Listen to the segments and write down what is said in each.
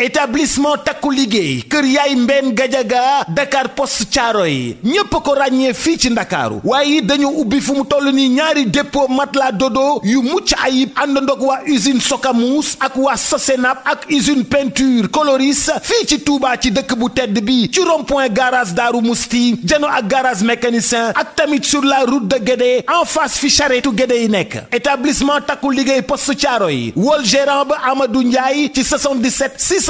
établissement takku liggéey kër yaay mbenn gajaga Dakar poste caaro yi ñépp ko ràññee fii ci ndakaaru waaye dañu ubbi fu mu toll nii ñaari dépôt matelas dodo yu mucc ayib àndandoog waa usine Socamous ak waa Sosenap ak usine peinture coloris fii ci Touba ci dëkk bu tedd bi ci rond-point garage Daaru Musti jano ak garage mécanicien ak tamit sur la route de Guédé en face fi charrette Guédé yi nekk établissement takku liggéey poste caaro yi wol gérant ba Amadou Ndiaye ci 77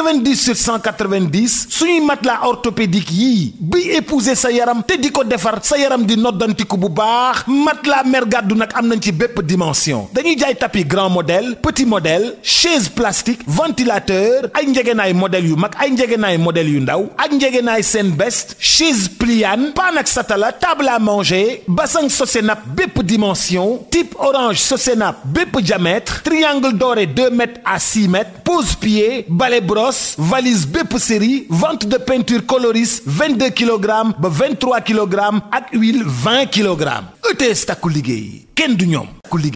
98 190 suñuy matelas orthopédique yii bi épouser sa yaram te di ko defar sa yaram di noddantiku bu baax matelas mer gàddu nag am nañ ci bépp dimension dañuy jaay tapis grand modèle petit modèle chaise plastique ventilateur ay njëgënaay modèle yu mag ay njëgënaay modèle yu ndaw ak njëgënaay seen best chaise pliante pan ak satala table à manger bassin Sosenap bépp dimension type orange Sosenap bépp diamètre triangle doré 2 mètres à 6 mètres pose pied balai brosse valise bépp série vente de peinture coloris deux kilogrammes ba 23 kilogrammes ak huile vingt kilogrammes ETS takku liggéey kenn du ñoom.